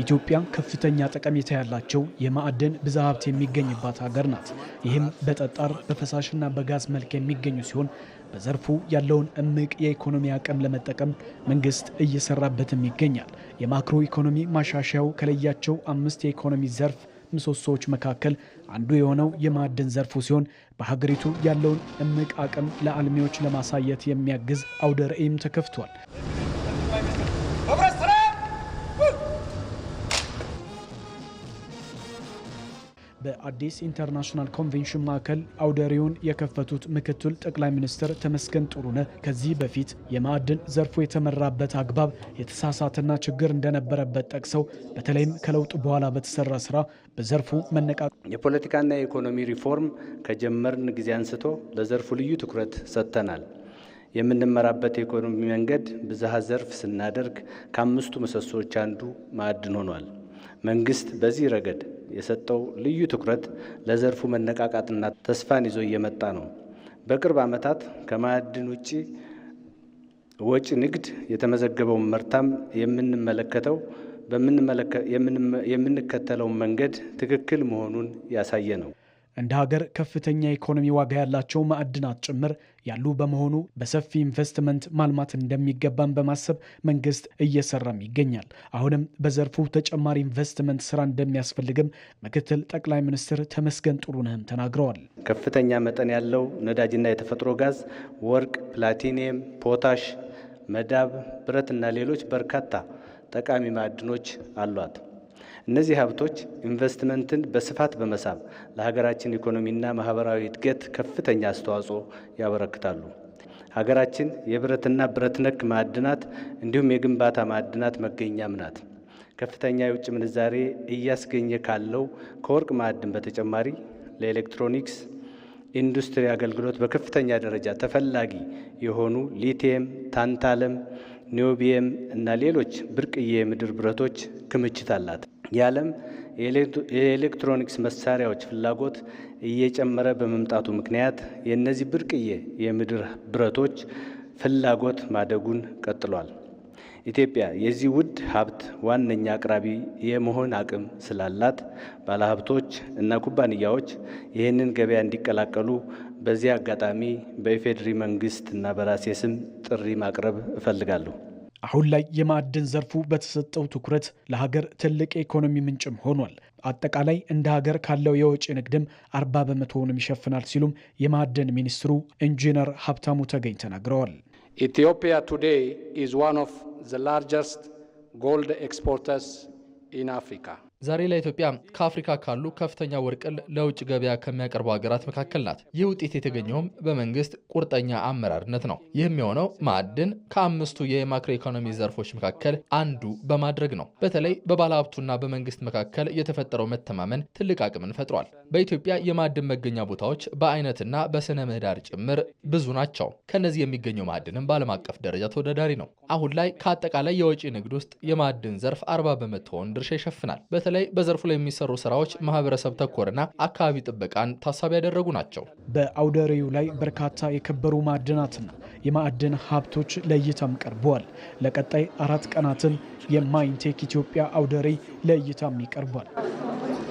ኢትዮጵያ ከፍተኛ ጠቀሜታ ያላቸው የማዕድን ብዝሃ ሀብት የሚገኝባት ሀገር ናት። ይህም በጠጣር በፈሳሽና በጋዝ መልክ የሚገኙ ሲሆን በዘርፉ ያለውን እምቅ የኢኮኖሚ አቅም ለመጠቀም መንግስት እየሰራበትም ይገኛል። የማክሮ ኢኮኖሚ ማሻሻያው ከለያቸው አምስት የኢኮኖሚ ዘርፍ ምሰሶዎች መካከል አንዱ የሆነው የማዕድን ዘርፉ ሲሆን በሀገሪቱ ያለውን እምቅ አቅም ለአልሚዎች ለማሳየት የሚያግዝ አውደ ርዕይም ተከፍቷል። በአዲስ ኢንተርናሽናል ኮንቬንሽን ማዕከል አውደሪውን የከፈቱት ምክትል ጠቅላይ ሚኒስትር ተመስገን ጥሩነህ ከዚህ በፊት የማዕድን ዘርፉ የተመራበት አግባብ የተሳሳተና ችግር እንደነበረበት ጠቅሰው በተለይም ከለውጥ በኋላ በተሰራ ስራ በዘርፉ መነቃ የፖለቲካና የኢኮኖሚ ሪፎርም ከጀመርን ጊዜ አንስቶ ለዘርፉ ልዩ ትኩረት ሰጥተናል። የምንመራበት የኢኮኖሚ መንገድ ብዝሃ ዘርፍ ስናደርግ ከአምስቱ ምሰሶዎች አንዱ ማዕድን ሆኗል። መንግስት በዚህ ረገድ የሰጠው ልዩ ትኩረት ለዘርፉ መነቃቃትና ተስፋን ይዞ እየመጣ ነው። በቅርብ ዓመታት ከማዕድን ውጪ ወጪ ንግድ የተመዘገበውን መርታም የምንመለከተው የምንከተለውን መንገድ ትክክል መሆኑን ያሳየ ነው። እንደ ሀገር ከፍተኛ የኢኮኖሚ ዋጋ ያላቸው ማዕድናት ጭምር ያሉ በመሆኑ በሰፊ ኢንቨስትመንት ማልማት እንደሚገባን በማሰብ መንግስት እየሰራም ይገኛል። አሁንም በዘርፉ ተጨማሪ ኢንቨስትመንት ስራ እንደሚያስፈልግም ምክትል ጠቅላይ ሚኒስትር ተመስገን ጥሩነህም ተናግረዋል። ከፍተኛ መጠን ያለው ነዳጅና የተፈጥሮ ጋዝ፣ ወርቅ፣ ፕላቲኒየም፣ ፖታሽ፣ መዳብ፣ ብረትና ሌሎች በርካታ ጠቃሚ ማዕድኖች አሏት። እነዚህ ሀብቶች ኢንቨስትመንትን በስፋት በመሳብ ለሀገራችን ኢኮኖሚና ማህበራዊ እድገት ከፍተኛ አስተዋጽኦ ያበረክታሉ። ሀገራችን የብረትና ብረት ነክ ማዕድናት እንዲሁም የግንባታ ማዕድናት መገኛም ናት። ከፍተኛ የውጭ ምንዛሬ እያስገኘ ካለው ከወርቅ ማዕድን በተጨማሪ ለኤሌክትሮኒክስ ኢንዱስትሪ አገልግሎት በከፍተኛ ደረጃ ተፈላጊ የሆኑ ሊቲየም፣ ታንታለም፣ ኒዮቢየም እና ሌሎች ብርቅዬ የምድር ብረቶች ክምችት አላት። የዓለም የኤሌክትሮኒክስ መሳሪያዎች ፍላጎት እየጨመረ በመምጣቱ ምክንያት የእነዚህ ብርቅዬ የምድር ብረቶች ፍላጎት ማደጉን ቀጥሏል። ኢትዮጵያ የዚህ ውድ ሀብት ዋነኛ አቅራቢ የመሆን አቅም ስላላት ባለሀብቶች እና ኩባንያዎች ይህንን ገበያ እንዲቀላቀሉ በዚህ አጋጣሚ በኢፌዴሪ መንግስት እና በራሴ ስም ጥሪ ማቅረብ እፈልጋለሁ። አሁን ላይ የማዕድን ዘርፉ በተሰጠው ትኩረት ለሀገር ትልቅ የኢኮኖሚ ምንጭም ሆኗል። አጠቃላይ እንደ ሀገር ካለው የወጪ ንግድም አርባ በመቶውንም ይሸፍናል ሲሉም የማዕድን ሚኒስትሩ ኢንጂነር ሀብታሙ ተገኝ ተናግረዋል። ኢትዮጵያ ቱዴይ ኢዝ ዋን ኦፍ ዘ ላርጀስት ጎልድ ኤክስፖርተርስ ኢን አፍሪካ ዛሬ ላይ ኢትዮጵያ ከአፍሪካ ካሉ ከፍተኛ ወርቅን ለውጭ ገበያ ከሚያቀርቡ ሀገራት መካከል ናት። ይህ ውጤት የተገኘውም በመንግስት ቁርጠኛ አመራርነት ነው። ይህም የሆነው ማዕድን ከአምስቱ የማክሮ ኢኮኖሚ ዘርፎች መካከል አንዱ በማድረግ ነው። በተለይ በባለሀብቱና በመንግስት መካከል የተፈጠረው መተማመን ትልቅ አቅምን ፈጥሯል። በኢትዮጵያ የማዕድን መገኛ ቦታዎች በአይነትና በስነ ምህዳር ጭምር ብዙ ናቸው። ከእነዚህ የሚገኘው ማዕድንም በዓለም አቀፍ ደረጃ ተወዳዳሪ ነው። አሁን ላይ ከአጠቃላይ የወጪ ንግድ ውስጥ የማዕድን ዘርፍ አርባ በመቶውን ድርሻ ይሸፍናል። በተለይ በዘርፉ ላይ የሚሰሩ ስራዎች ማህበረሰብ ተኮርና አካባቢ ጥበቃን ታሳቢ ያደረጉ ናቸው። በአውደ ርዕዩ ላይ በርካታ የከበሩ ማዕድናትና የማዕድን ሀብቶች ለእይታም ቀርበዋል። ለቀጣይ አራት ቀናትም የማይንቴክ ኢትዮጵያ አውደ ርዕይ ለእይታም ይቀርቧል።